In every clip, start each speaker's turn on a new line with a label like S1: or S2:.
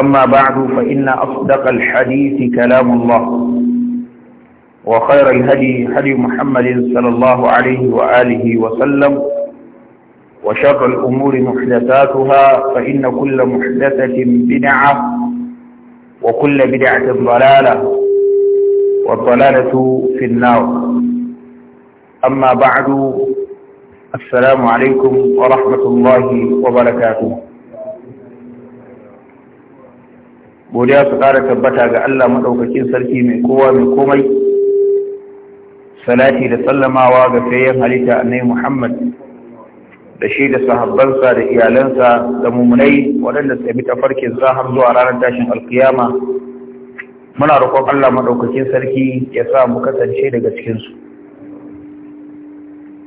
S1: أما بعد فإن أصدق الحديث كلام الله وخير الهدي هدي محمد صلى الله عليه وآله وسلم وشر الأمور محدثاتها فإن كل محدثة بدعة وكل بدعة ضلالة والضلالة في النار أما بعد السلام عليكم ورحمة الله وبركاته godiya su ƙara tabbata ga Allah maɗaukakin sarki mai kowa mai komai salati da sallamawa ga sayan halitta annai Muhammad da shi da sahabbansa da iyalansa da mummunai waɗanda su bi tafarkin har zuwa ranar tashin alkiyama muna roƙon Allah maɗaukakin sarki ya sa mu kasance daga cikinsu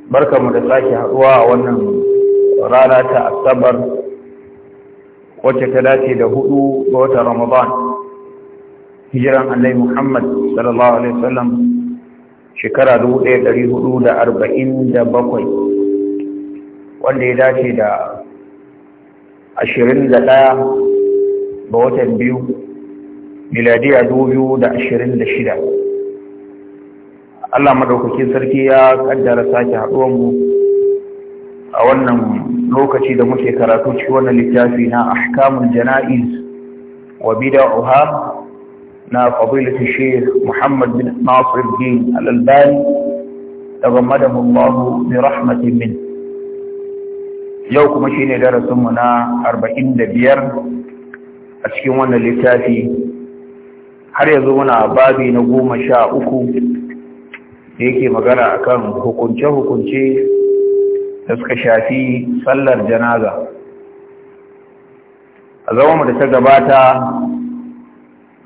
S1: barkamu da sake haɗuwa a wannan rana ta asabar wacce ta dace da hudu ga watan Ramadan hijiran Annabi Muhammad sallallahu alaihi wasallam shekara 1447 wanda ya dace da 21 ga watan biyu miladiya 2026 Allah madaukakin sarki ya kaddara sake haɗuwanmu a wannan lokaci da muke karatu cikin wannan littafi na ahkamun jana'iz wa bid'aha na fadilatu shaykh Muhammad bin Nasir bin Al-Albani tagammadahu Allah bi rahmatin min yau kuma shine darasin mu na 45 a cikin wannan littafi har yanzu muna babi na 13 da yake magana akan hukunce-hukunce da suka shafi sallar janaza a zama mu da ta gabata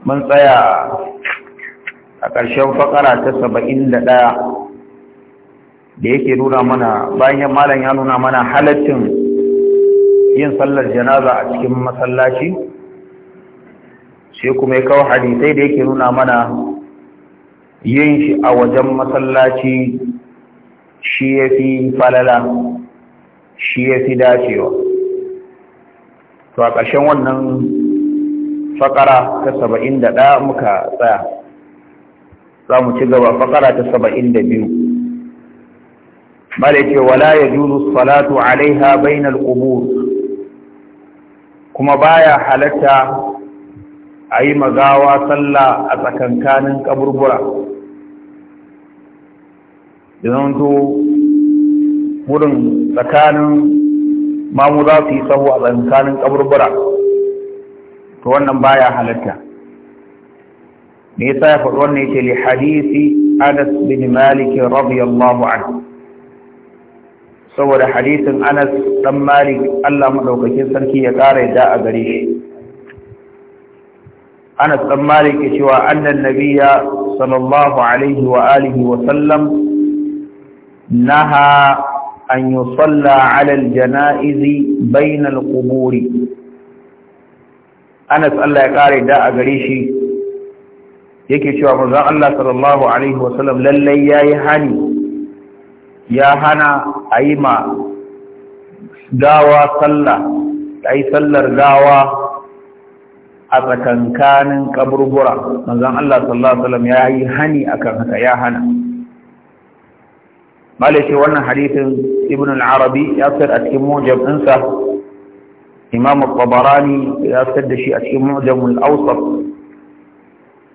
S1: mun tsaya a ƙarshen fakara ta saba'in da ɗaya da yake nuna mana bayan malam ya nuna mana halaccin yin sallar janaza a cikin masallaci sai kuma ya kawo hadisai da yake nuna mana yin shi a wajen masallaci shi ya fi falala shi ya fi dacewa to a ƙarshen wannan fakara ta saba'in da ɗaya muka tsaya za mu ci gaba fakara ta saba'in da biyu bala ce wala ya juru salatu alaiha bainal qubur kuma baya halatta a yi magawa sallah a tsakankanin kaburbura Idan zanto wurin tsakanin mamu za su yi sahu a tsakanin kaburbura to wannan baya halatta me yasa ya faɗi wannan yake li hadisi Anas bin Malik radiyallahu anhu saboda hadisin Anas dan Malik Allah madaukakin sarki ya ƙara yadda a gare shi Anas dan Malik ya cewa annan nabiyya sallallahu alaihi wa alihi wa sallam نهى أن يصلى على الجنائز بين القبور أنس الله يقاري داء قريشي yake cewa manzon Allah sallallahu alaihi wasallam lallai yayi hani ya hana ayi ma gawa sallah ayi sallar gawa a tsakankanin ƙaburbura. manzon Allah sallallahu alaihi wasallam yayi hani akan haka ya hana malai ce wannan hadisin ibn al-arabi ya fitar a cikin mujam ɗinsa imam al-tabarani ya fitar da shi a cikin mujam al-awsat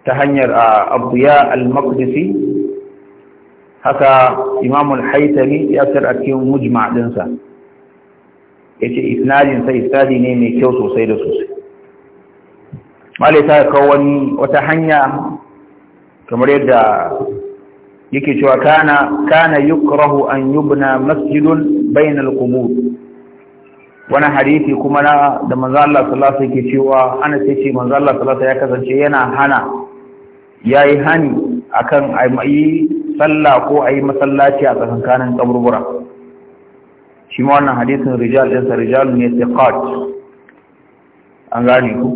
S1: ta hanyar a abuya al-maqdisi haka imam al-haytami ya fitar a cikin mujma ɗinsa ya ce isnadin sai isnadi ne mai kyau sosai da sosai malai ta kawo wani wata hanya kamar yadda yake cewa kana kana yukrahu an yubna masjidun bainal qubur wani hadisi kuma na da manzo Allah sallallahu alaihi yake cewa ana sai ce manzo Allah sallallahu ya kasance yana hana yayi hani akan ayi sallah ko ayi masallaci a tsakankanin kaburbura shi ma wannan hadisin rijal din sa ne yataqat an gane ku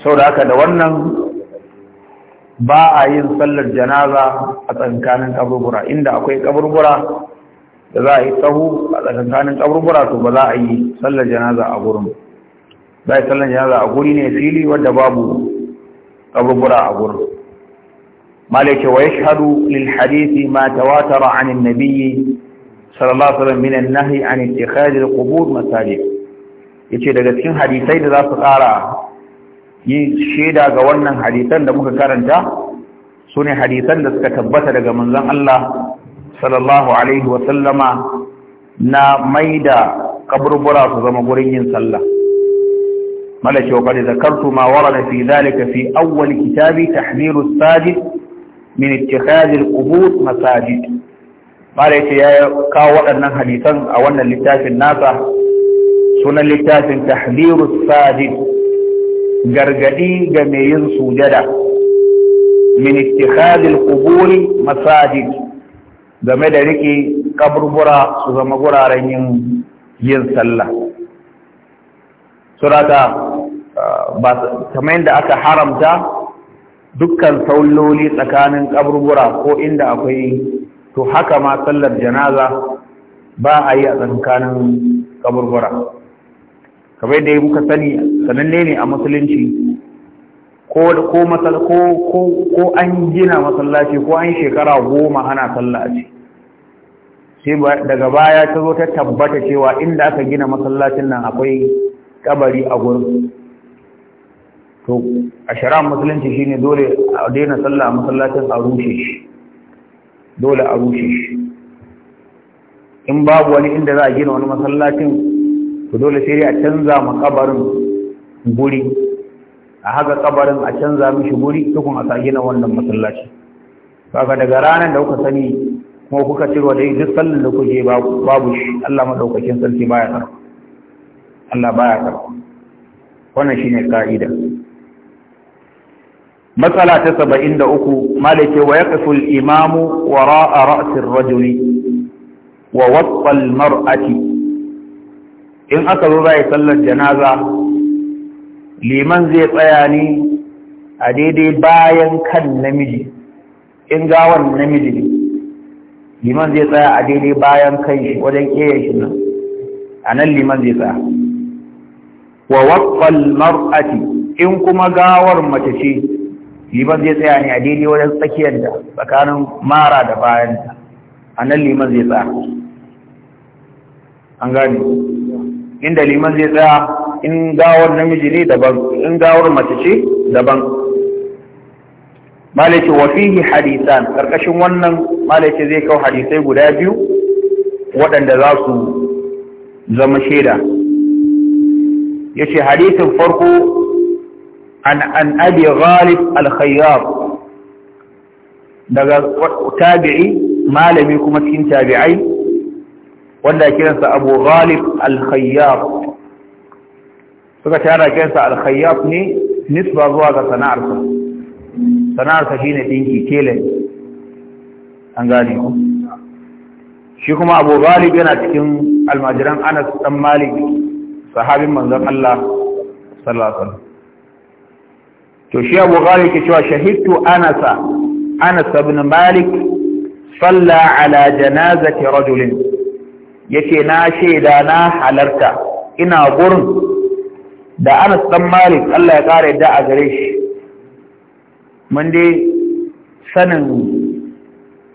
S1: saboda haka da wannan ba a yin sallar janaza a tsakanin kaburbura inda akwai kaburbura da za a yi tsaho a tsakanin kaburbura to ba za a yi sallar janaza a gurin za a yi sallar janaza a guri ne fili wadda babu kaburbura a gurin malaka wa yashhadu lil hadithi ma tawatara an an-nabiy sallallahu alaihi wasallam min an-nahy an ittikhadhi al-qubur masajid yace daga cikin hadisai da za su kara. yin shaida ga wannan hadisan da muka karanta su ne hadisan da suka tabbata daga manzon Allah sallallahu alaihi wasallama na maida kaburbura su zama gurin yin sallah malaki wa qad zakartu ma warada fi dhalika fi awwal kitabi tahmiru as-sajid min ittikhadhi al masajid malaki ya kawo waɗannan hadisan a wannan littafin nasa sunan littafin tahmiru as-sajid gargadi ga mai yin sujada min ittikhadil quburi masajid game da rike kaburbura su zama guraren yin yin sallah surata ah, ba kamar yadda aka haramta dukkan sauloli tsakanin kaburbura ko inda akwai to haka ma sallar janaza ba a yi a tsakanin kaburbura kamar yadda yi muka sani sananne ne a musulunci ko ko ko ko ko an gina masallaci ko an shekara goma ana sallaci sai daga baya ta zo ta tabbata cewa inda aka gina masallacin nan akwai kabari a gurin to a shari'ar musulunci shine dole a daina sallah a masallacin a rushe shi dole a rushe shi in babu wani inda za a gina wani masallacin to dole sai a canza ma kabarin guri a haka kabarin a canza mishi guri tukun a sa gina wannan masallaci kaga daga ranar da kuka sani kuma kuka cirwa dai duk sallan da kuke babu shi Allah madaukakin sarki baya karba Allah baya karba wannan shine ka'ida matsala ta uku malike wa yaqfu al-imamu wara'a ra's ra'asin rajuli wa wasfa marati in aka zo za yi sallar janaza liman zai tsaya ne a daidai bayan kan namiji in gawar namiji ne liman zai tsaya a daidai bayan kan shi wajen keyan shi nan a nan liman zai tsaya wa waqqal mar'ati in kuma gawar mace ce liman zai tsaya ne a daidai wajen tsakiyar da tsakanin mara da bayan ta a nan liman zai tsaya an gane inda liman zai tsaya in gawar namiji ne daban in gawar mace ce daban malaki wa fihi hadisan karkashin wannan malaki zai kawo hadisai guda biyu waɗanda za su zama shaida yace hadisin farko an an abi ghalib al-khayyar daga tabi'i malami kuma cikin tabi'ai wanda kiransa abu ghalib al-khayyab suka tara kiransa al-khayyab ne nisba zuwa ga sana'arsa sana'arsa shine dinki kele an gane ku shi kuma abu ghalib yana cikin almajiran anas dan malik sahabin manzon Allah sallallahu alaihi to shi abu ghalib ke cewa shahidtu anasa anas ibn malik صلى على جنازة رجل yake na shaida na halarta ina gurin da Anas dan Malik Allah ya kare da a gare shi mun dai sanin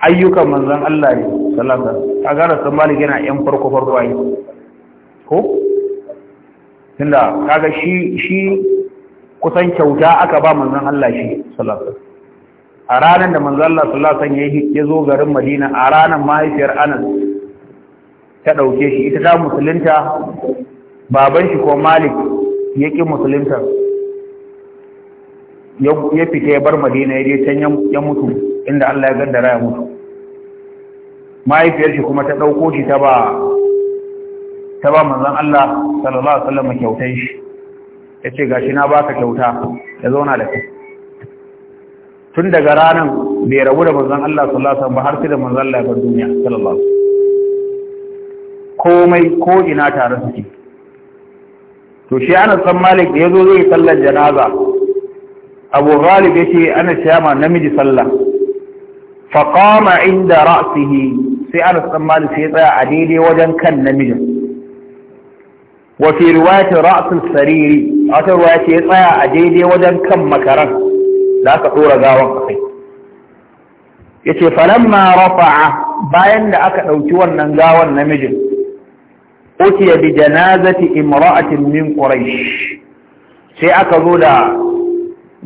S1: ayyukan manzon Allah ne sallallahu alaihi wasallam Anas dan Malik yana yan farko farko ai ko tunda kaga shi shi kusan kyauta aka ba manzon Allah shi sallallahu alaihi a ranar da manzon Allah sallallahu alaihi wasallam ya zo garin Madina a ranar mahaifiyar Anas ta ɗauke shi ita ta musulunta baban shi ko malik ya ƙi musulunta ya fita ya bar madina ya je can ya mutu inda Allah ya gaddara ya mutu mahaifiyar shi kuma ta ɗauko shi ta ba ta ba manzon Allah sallallahu alaihi wasallam kyautar shi ya ce gashi na baka kyauta ya zauna da kai tun daga ranar bai rabu da manzon Allah sallallahu alaihi wasallam ba har sai da manzon Allah ya bar duniya sallallahu alaihi komai ko ina tare suke to shi ana san malik da ya zo zai sallar janaza abu ghalib yace ana shama namiji sallah faƙama inda ra'asihi sai ana san malik sai tsaya a daidai wajen kan namijin wafi ruwayatin ra'asin sariri a wata ruwaya ce ya tsaya a daidai wajen kan makaran da aka ɗora gawan a kai ya ce falamma rafa'a bayan da aka ɗauki wannan gawan namijin utiya bi janazati imra'atin min quraish sai aka zo da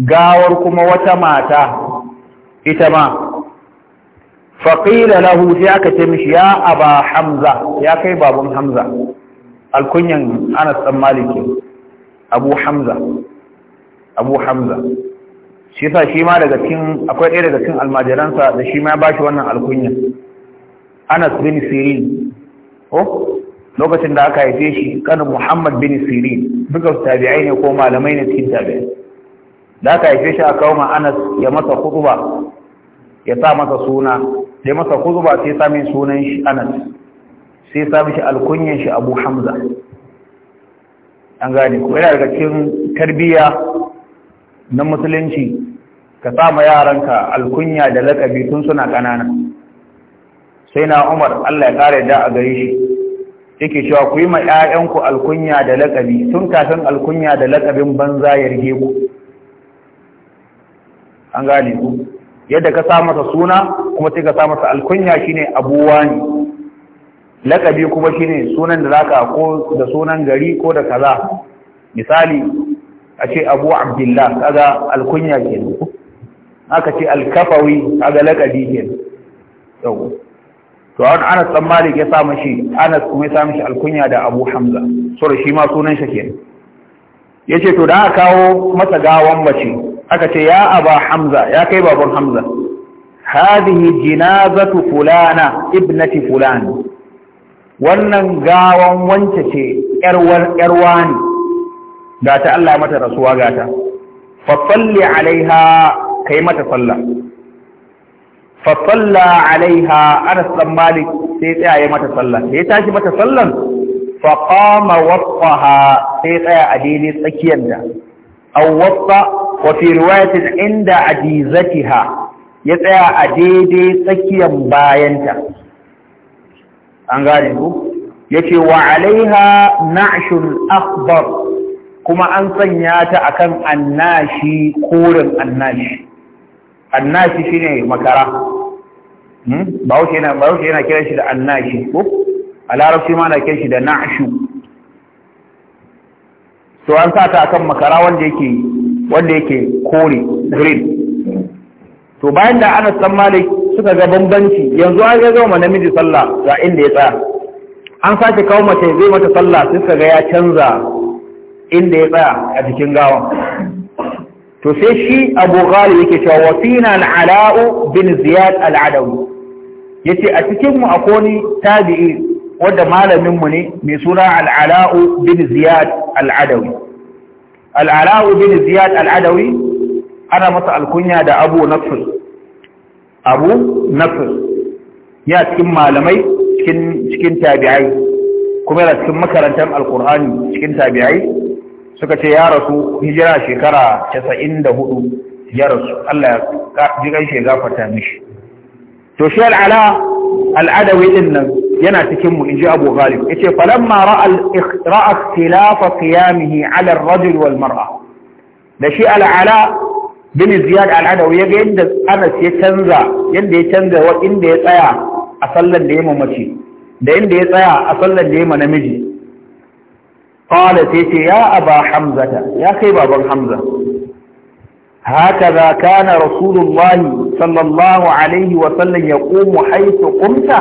S1: gawar kuma wata mata ita ma faƙila lahu sai aka ce mishi ya aba hamza ya kai babun hamza alkunyan anas ɗan maliki abu hamza abu hamza shi sa shi ma daga cikin akwai ɗaya daga cikin almajiransa da shi ma ya ba shi wannan alkunyan anas bin sirin oh lokacin da aka haife shi kanin Muhammad bin Sirin duka tabi'ai ne ko malamai ne cikin tabi'ai da aka haife shi a ma Anas ya masa khutba ya sa masa suna sai masa khutba sai sa sunan shi Anas sai sami shi alkunyan shi Abu Hamza an gani ko yana daga cikin tarbiyya na musulunci ka sa ma yaranka alkunya da lakabi tun suna kanana sai na Umar Allah ya kare da a gare shi yake cewa ku yi ma 'ya'yanku alkunya da laƙabi tun kafin alkunya da laƙabin banza ya rige ku an gane ku yadda ka sa masa suna kuma sai ka sa masa alkunya shine abuwa ne lakabi kuma shine sunan da zaka ko da sunan gari ko da kaza misali a ce abu abdullah kaga alkunya kenan aka ce alkafawi kaga lakabi kenan yau to an anas dan malik ya sa mashi anas kuma ya sa mashi alkunya da abu hamza sura shi ma sunan shi kenan yace to da aka kawo masa gawan mace aka ce ya aba hamza ya kai baban hamza hadhihi jinazatu fulana ibnati fulan wannan gawan wance ce yarwar yarwani gata Allah mata rasuwa gata fa salli alaiha kai mata sallah fasalla alaiha anas dan malik sai tsaya ya mata sallah ya tashi mata sallan fa qama waqaha sai tsaya a daidai tsakiyar da aw wasfa wa fi riwayatin inda adizatiha ya tsaya a daidai tsakiyar bayanta an gane ku yace wa alaiha na'shul akbar kuma an sanya ta akan annashi koren annashi annashi ne makara hmm? bahaushe yana yana kiran shi da annashi ko a larabci ma na kiran shi da na'ashu. to an sa ta akan makara wanda yake wanda yake kore green to bayan da ana san Malik suka ga bambanci yanzu an ga zama namiji sallah ga inda ya tsaya an sake kawo mace zai mata sallah suka ga ya canza inda ya tsaya a cikin gawan to sai shi abu ghali yake cewa wa fina alau bin ziyad al'adawi yace a cikin mu akwai tabi'i wanda malamin mu ne mai suna Al-Ala'u bin ziyad Al-Ala'u bin ziyad Al-Adawi ana masa alkunya da abu nafs abu nafs ya cikin malamai cikin cikin tabi'ai kuma yana cikin makarantar alqur'ani cikin tabi'ai suka ce ya rasu hijira shekara casa'in da hudu ya rasu Allah ya ji gaishe gafarta mishi to shi al'ala al'adawi din nan yana cikin mu inji Abu Ghalib yace falamma ra'a ra'a ikhtilafa qiyamihi 'ala ar-rajul wal mar'a da shi al'ala bin Ziyad al'adawi yaga yadda Anas ya canza yadda ya canza wa inda ya tsaya a sallan da ya mace da inda ya tsaya a sallan da ya namiji qala sai ce ya aba hamzata ya kai baban hamza Haka hakaza kana rasulullahi sallallahu alaihi wa ya yaqumu haythu qumta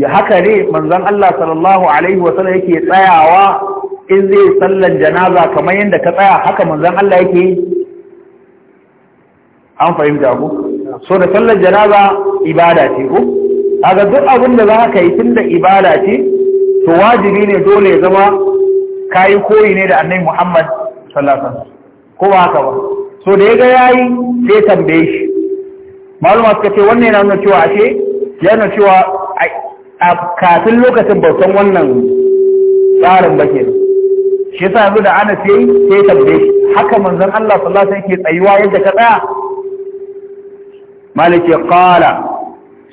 S1: ya haka ne manzon Allah sallallahu alaihi wa sallam yake tsayawa in zai sallan janaza kamar yadda ka tsaya haka manzon Allah yake an fahimta ku so da sallan janaza ibada ce ku kaga duk abin da za ka yi tunda ibada ce to wajibi ne dole ya zama kayi koyi ne da annai Muhammad sallallahu alaihi wasallam ko ba haka ba so da yaga yayi sai tambaye shi maluma suka ce wannan yana nuna cewa ashe yana cewa a kafin lokacin bautan wannan tsarin ba shi yasa yanzu da ana sai sai tambaye shi haka manzon Allah sallallahu alaihi wasallam yake tsayuwa yadda ka tsaya ya kala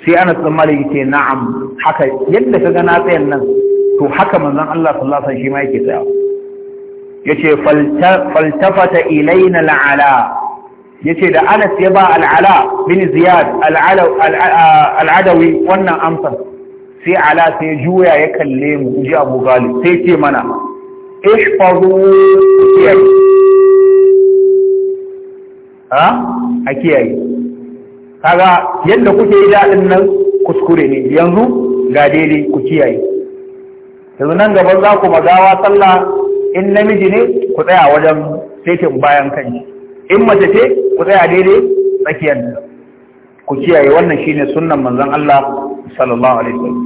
S1: sai ana bin Malik ce na'am haka yadda ka gana tsayan nan to haka manzon Allah sallallahu alaihi wasallam shi ma yake tsaya yace faltafata ilaina al'ala yace da Anas ya ba al'ala bin Ziyad al'adawi wannan amsa. sai ala sai juya ya kalle mu ji Abu Galib sai ce mana ishfazu kiyaye ha a kiyaye kaga yadda kuke yi dadin nan kuskure ne yanzu ga daidai ku kiyaye yanzu nan gaban za ku magawa sallah in namiji ne ku tsaya wajen setin bayan kan kanki in mace ce ku tsaya daidai tsakiyar ku kiyaye wannan shi ne sunan manzan Allah sallallahu alaihi wasallam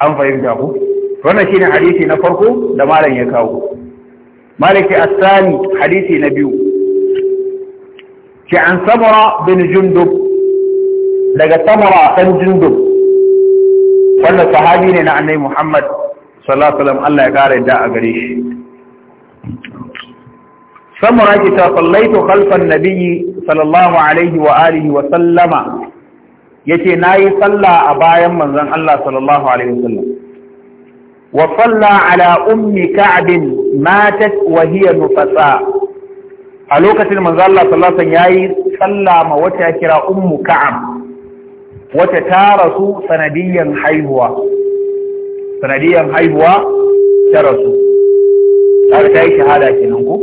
S1: an fahimta ku wannan shi ne hadisi na farko da malam ya kawo maliki as-sani hadisi na biyu ki an samara bin jundub daga samara dan jundub wannan sahabi ne na annabi Muhammad sallallahu alaihi Allah ya kare da a gare shi sallaitu khalfan nabiyyi sallallahu alaihi wa alihi wa sallama yace nayi a bayan manzon Allah sallallahu alaihi wasallam wa salla ala ummi ka'b matat wa hiya nufasa a lokacin manzon Allah sallallahu alaihi yayi salla ma wata kira ummu ka'b wata ta rasu sanadiyyan haihuwa sanadiyar haihuwa ta rasu har ta yi shahada kenan ku?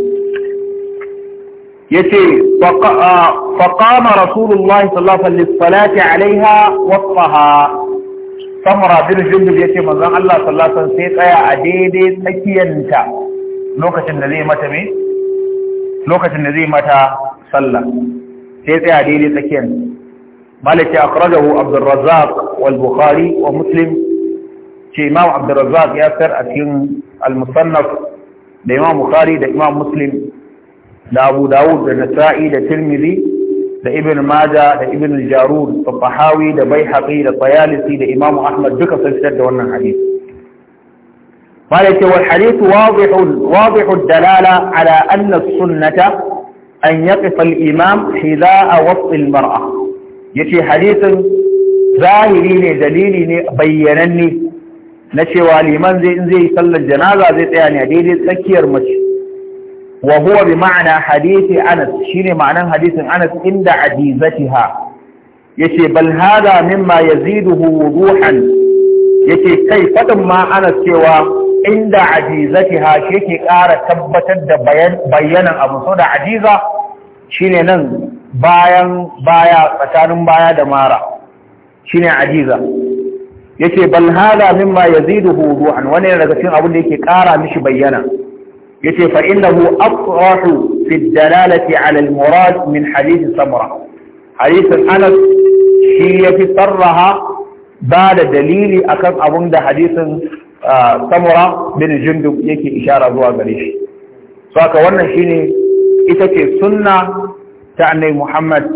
S1: Ya ce faƙama sallallahu alaihi wasallam alaiha wasfaha samara bin jundub yace manzon Allah sallallahu sai tsaya a daidai tsakiyanta lokacin da zai mata me lokacin da zai mata sallah sai tsaya a daidai tsakiyanta malaki akhrajahu abdurrazzaq wal bukhari wa muslim إمام عبد الرزاق ياسر أكين المصنف لإمام مخاري لإمام مسلم لأبو داود لنسائي لترمذي لإبن ماجا لإبن الجارود لطحاوي لبيحقي لطيالسي لإمام أحمد بك سلسلت وانا الحديث قال الحديث واضح واضح الدلالة على أن السنة أن يقف الإمام حذاء وسط المرأة يتي حديث ظاهرين دليلين بينني na cewa liman zai in zai yi sallar janaza zai tsaya ne a daidai tsakiyar mace wa huwa bi ma'ana hadisi Anas shine ma'anan hadisin Anas inda ajizatiha yace bal hada mimma yaziduhu wuduhan yace kai fadin ma Anas cewa inda ajizatiha shi yake ƙara tabbatar da bayanan abu so da ajiza shine nan bayan baya tsakanin baya da mara shine ajiza yace bal hada mimma yaziduhu ruhan wani daga cikin abin da yake kara mishi bayyana yace fa innahu aqrahu fi dalalati ala al murad min hadith samra hadith anas shi yafi sarraha ba da dalili akan abin da hadisin ah, samra bin jundub yake ishara zuwa gare shi so haka wannan shine ita ce sunna ta annabi Muhammad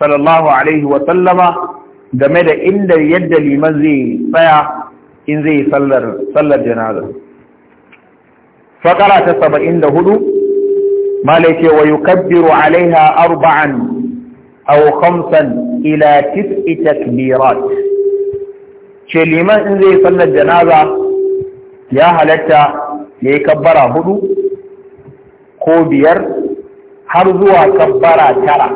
S1: sallallahu alaihi wa sallama game da inda yadda liman zai tsaya in zai sallar sallar janaza fakara ta 74 malai ce wa yukabbiru alaiha arba'an aw khamsan ila tis'i takbirat ce liman in zai sallar janaza ya halatta ya yi kabbara hudu ko biyar har zuwa kabbara tara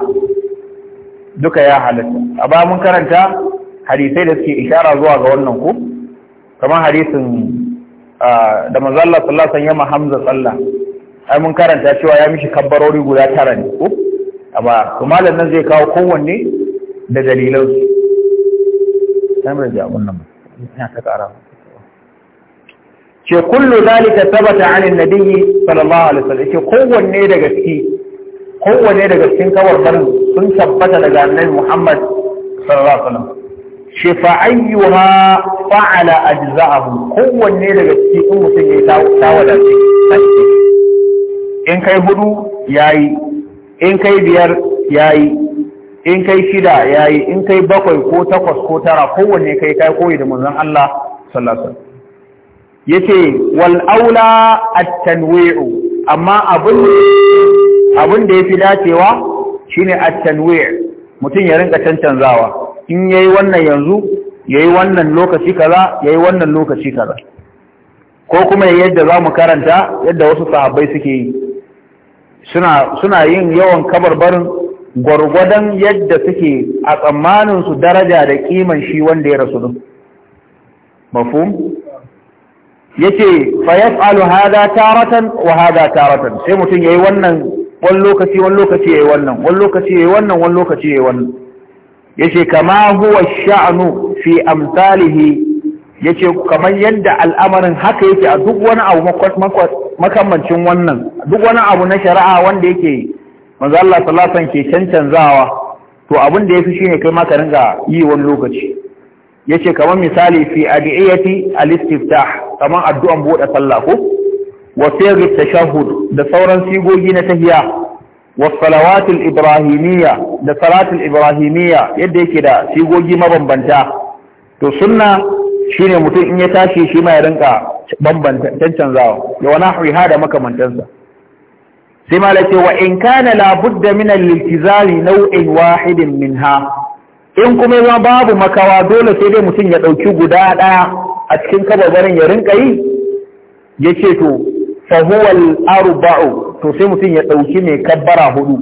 S1: duka ya halatta a ba mun karanta hadisai da suke ishara zuwa ga wannan ku? kamar hadisin da manzo sallallahu alaihi wasallam Hamza sallah ai mun karanta cewa ya mishi kabbarori guda tara ne ko amma to malam nan zai kawo kowanne da dalilan su kamar da wannan ba? ina ta kara ce kullu zalika thabata an annabi sallallahu alaihi wasallam ce kowanne daga cikin kowanne daga cikin kawarbarin sun tabbata daga annabi Muhammad sallallahu alaihi wasallam shifa'ayyuha fa'ala ajza'ahu kowanne daga cikin mutum ya tawada ce in kai hudu yayi in kai biyar yayi in kai shida yayi in kai bakwai ko takwas ko tara kowanne kai kai koyi da manzon Allah sallallahu alaihi yace wal aula at-tanwi'u amma abin abun da yafi dacewa shine at-tanwi' mutum ya rinka cancanzawa in yayi wannan yanzu yayi wannan lokaci kaza yi wannan lokaci kaza ko kuma ya yadda za mu karanta yadda wasu sahabbai suke yi suna yin yawan kabarbarin gwargwadon yadda suke a tsammanin su daraja da kiman shi wanda ya rasu din Ya ce, fa yaf'alu hada taratan wa hada taratan sai mutum yayi wannan wani lokaci wani lokaci yayi wannan wani lokaci yayi wannan wani lokaci yayi wannan yace kama huwa sha'nu fi amsalihi yace kamar yadda al'amarin haka yake a duk wani abu makamancin wannan duk wani abu na shari'a wanda yake manzo Allah sallallahu alaihi ke cancanzawa to abin da yafi shine kai ma ka ringa yi wani lokaci yace kamar misali fi adiyati al-istiftah kamar addu'an buɗe sallah ko wa fi'l tashahhud da sauran sigogi na tahiyya wa salawatul ibrahimiyya da salatul ibrahimiyya yadda yake da sigogi mabambanta to sunna shine mutum in ya tashi shi ma ya rinka bambanta cancanzawa Da wani hawiha da makamantansa sai malaka wa in kana labudda min al-iltizami naw'in wahidin minha in kuma ya babu makawa dole sai dai mutum ya dauki guda daya a cikin kababarin ya rinka yi yace to fahuwal huwa arba'u to sai mutum ya dauki mai kabbara hudu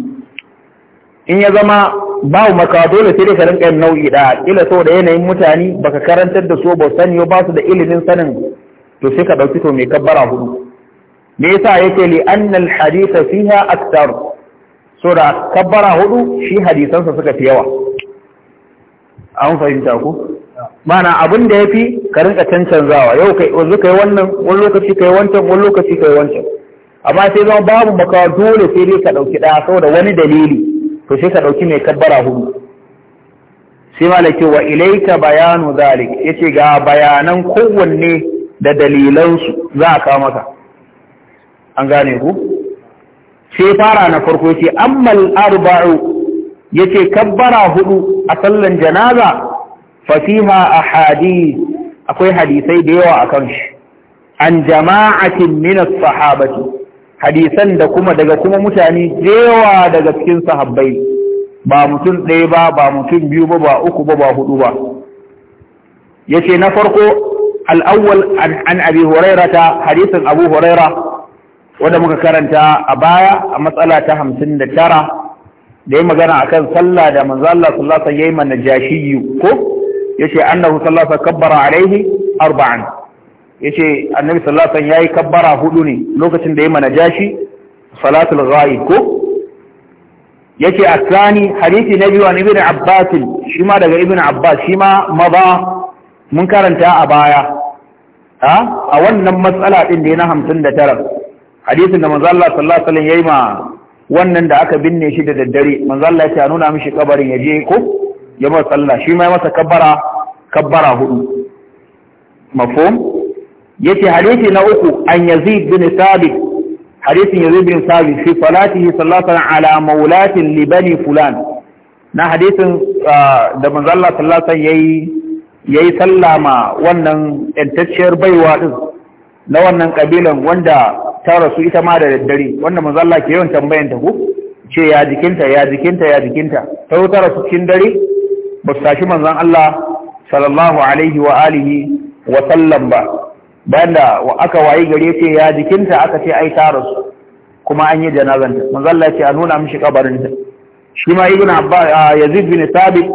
S1: in ya zama babu makawa dole sai dai ka rinka nau'i da kila saboda yanayin mutane baka karantar da su ba sani ba su da ilimin sanin to sai ka dauki to mai kabbara hudu me yasa yake li annal haditha fiha aktar so da kabbara hudu shi hadisansa suka fi yawa an fahimta ku mana abin da ya fi ka rinka cancanzawa yau kai wanzu kai wannan wani lokaci kai wancan wani lokaci kai wancan amma sai zama babu makawa dole sai dai ka ɗauki ɗaya saboda wani dalili to sai ka ɗauki mai kabbara hudu sai malaki wa ilaika bayanu zalik yace ga bayanan kowanne da dalilansu za a kawo maka an gane ku sai fara na farko yace ammal arba'u yace kabbara hudu a sallan janaza fasiha a hadis akwai hadisai da yawa a kan shi an jama'atin min sahabati hadisan da kuma daga kuma mutane da yawa daga cikin sahabbai ba mutum ɗaya ba ba mutum biyu ba ba uku ba ba hudu ba yace na farko al an abi hurairata hadisin abu hurairah wanda muka karanta a baya a matsala ta hamsin da tara da ya magana akan sallah da manzo Allah sallallahu alaihi wasallam yayi mana jashiyu ko yace annahu sallallahu kabbara alaihi arba'an yace annabi sallallahu alaihi yayi kabbara hudu ne lokacin da ya manaja shi salatul ghaib ko yace asani hadisi na biyu an ibn abbas shi ma daga ibn abbas shi ma maza mun karanta a baya a wannan matsala din da na 59 hadisin da manzo Allah sallallahu alaihi wasallam yayi ma wannan da aka binne shi da daddare manzo Allah ya nuna mishi kabarin yaje ko ya masa sallah shi ma masa kabbara kabbara hudu mafhum yace hadisi na uku an yazid bin sabit hadisin yazid bin sabit fi salatihi sallatan ala maulatin li fulan na hadisin ah, da manzo Allah sallallahu yi yayi yayi sallama wannan entacciyar baiwa din na wannan kabilan wanda ta rasu ita ma da daddare wanda manzo ke yawan tambayanta ku ce ya jikinta ya jikinta ya jikinta ta wuta rasu cikin dare ba su tashi manzon Allah sallallahu alaihi wa alihi wa sallam ba bayan da aka wayi gare ce ya jikinta aka ce ai ta kuma an yi janazanta manzan Allah ce a nuna mishi kabarinta shi ma ibn Abbas Yazid bin Thabit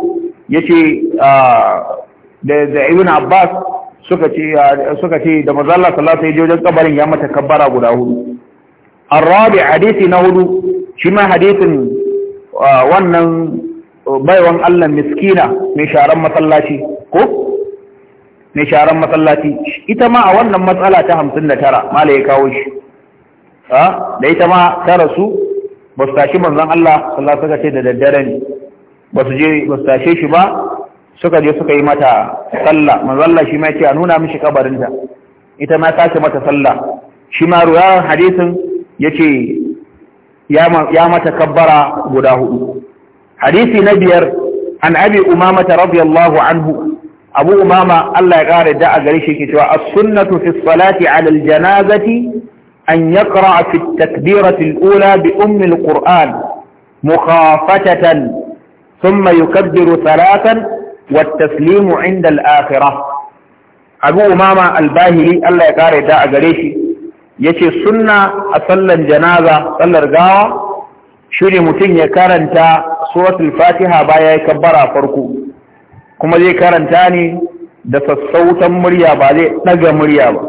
S1: yace da da ibn Abbas suka ce suka ce da manzan Allah sallallahu alaihi wa sallam kabarin ya mata kabbara guda hudu arabi hadisi na hudu shi ma hadisin wannan baiwan Allah miskina mai sharan masallaci ko mai sharan masallaci ita ma a wannan matsala ta hamsin da tara mala ya kawo shi da ita ma ta rasu ba su tashi manzan Allah sallallahu suka ce da daddare ne ba su je ba su tashe shi ba suka je suka yi mata sallah manzan Allah shi ma ya ce a nuna mishi kabarinta ita ma ta ce mata sallah shi ma ruwa hadisin ce ya mata kabbara guda hudu حديث نبير عن أبي أمامة رضي الله عنه أبو أمامة الله يقارد السنة في الصلاة على الجنازة أن يقرأ في التكبيرة الأولى بأم القرآن مخافة ثم يكبر ثلاثا والتسليم عند الآخرة أبو أمامة الباهلي الله يقارد قريشي يشي السنة أصلا جنازة صلى الرقاوة شري متين يكارن suratul fatiha ba ya yi kabbara farko kuma zai karanta ne da sassautan murya ba zai ɗaga murya ba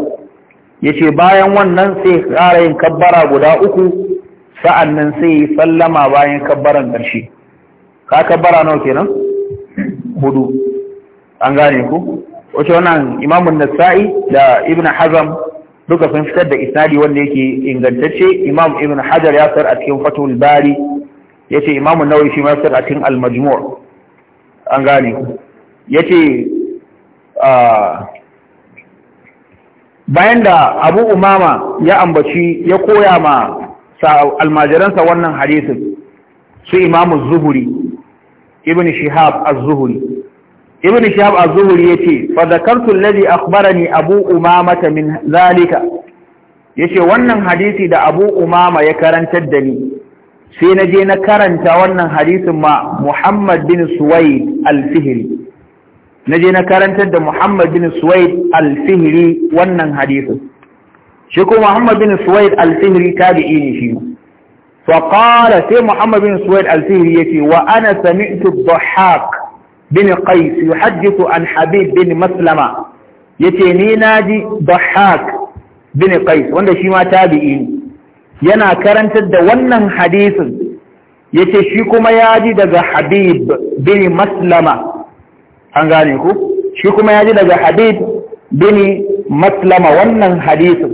S1: Ya ce bayan wannan sai kara yin kabbara guda uku nan sai yi sallama bayan kabbaran ƙarshe ka kabbara nawa kenan hudu an gane ku wace wannan imamun nasa'i da ibn hazam duka sun fitar da isnadi wanda yake ingantacce imam ibn hajar ya sar a cikin fatul bari yace imamu nawawi shi ma sai a cikin al-majmu' an gane yace bayan da Abu Umama ya ambaci ya koya ma almajiransa wannan hadisin su imamun Zuhri ibn Shihab az-Zuhri ibn Shihab az-Zuhri yace fa zakartu alladhi akhbarani Abu Umama min zalika yace wannan hadisi da Abu Umama ya karantar da ni sai na je na karanta wannan hadisin ma Muhammad bin Suwaid al-Fihri na je na karantar da Muhammad bin Suwaid al-Fihri wannan hadisin shi ko Muhammad bin Suwaid al-Fihri tabi'i ne shi fa qala sai Muhammad bin Suwaid al-Fihri yace wa ana sami'tu ad bin Qais yuhaddithu an Habib bin Maslama yace ni naji Dhahhak bin Qais wanda shi ma tabi'i ne yana karantar da wannan hadisin yace shi kuma ya ji daga Habib bin Maslama an gane ku shi kuma ya ji daga Habib bin Maslama wannan hadisin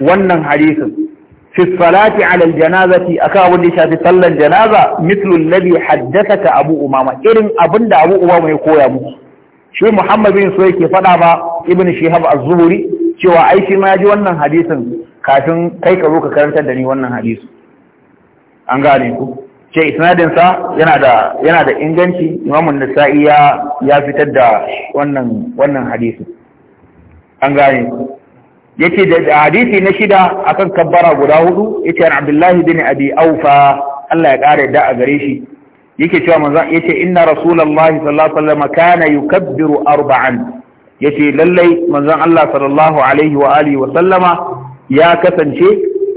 S1: wannan hadisin fi salati ala aljanazati aka abun da shafi sallan janaza mithlu alladhi haddathaka Abu Umama irin abinda Abu Umama ya koya muku shi Muhammad bin so ke fada ba Ibn Shihab az-Zuhri cewa aishi ma ya ji wannan hadisin kafin kai ka zo ka karantar da ni wannan hadisi an gane ku ce isnadinsa yana da yana da inganci imamun nasa'i ya ya fitar da wannan wannan hadisi an gane ku yace da hadisi na shida akan kabbara guda hudu yace an abdullahi bin abi aufa Allah ya kare da a gare shi yake cewa manzon yace inna rasulullahi sallallahu alaihi wasallam kana yukabbiru arba'an yace lallai manzon Allah sallallahu alaihi wa alihi wa sallama ya kasance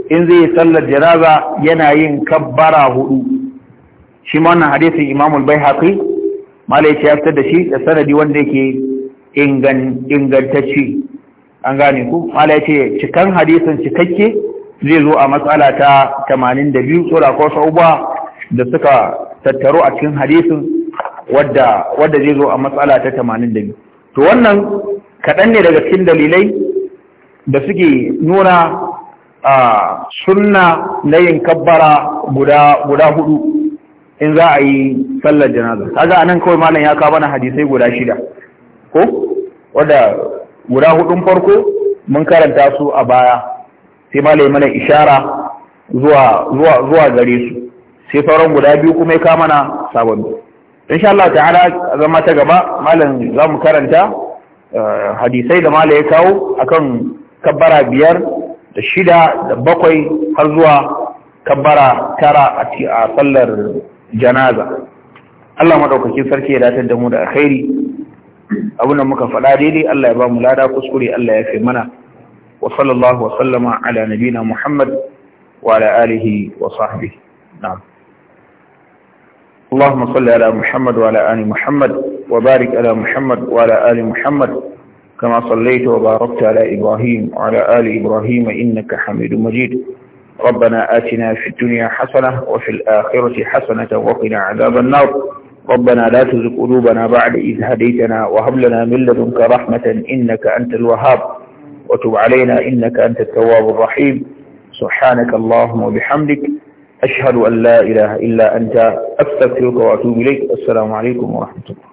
S1: in zai sallar jaraza yana yin kabbara hudu shi ma wannan hadisin Imam al-Baihaqi malai ya fitar da shi da sanadi wanda yake ingantacce an gane ku malai ce cikan hadisin cikakke zai zo a matsala ta 82 sura ko sauba da suka tattaro a cikin hadisin wadda wadda zai zo a matsala ta 82 to wannan kaɗan ne daga cikin dalilai da suke nuna a sunna na yin kabbara guda hudu in za a yi sallar janaza kaga anan kawai malam ya kawo mana hadisai guda shida ko wanda guda hudun farko mun karanta su a baya sai malam mana ishara zuwa gare su sai sauran guda biyu kuma ya kawo mana sababbi insha Allah ta'ala zama ta gaba malam za mu karanta eh, hadisai da malam ya kawo akan kabbara biyar da shida da bakwai har zuwa kabbara tara a sallar janaza Allah maɗaukakin sarki ya datar da mu da alkhairi abin da muka faɗa daidai Allah ya ba mu lada kuskure Allah ya fi mana wa sallallahu wa sallama ala nabina Muhammad wa ala alihi wa sahbihi na'am اللهم wa على Ali وعلى wa محمد ala على wa وعلى Ali محمد كما صليت وباركت على إبراهيم وعلى آل إبراهيم إنك حميد مجيد ربنا آتنا في الدنيا حسنة وفي الآخرة حسنة وقنا عذاب النار ربنا لا تزغ قلوبنا بعد إذ هديتنا وهب لنا من لدنك رحمة إنك أنت الوهاب وتب علينا إنك أنت التواب الرحيم سبحانك اللهم وبحمدك أشهد أن لا إله إلا أنت أستغفرك وأتوب إليك السلام عليكم ورحمة الله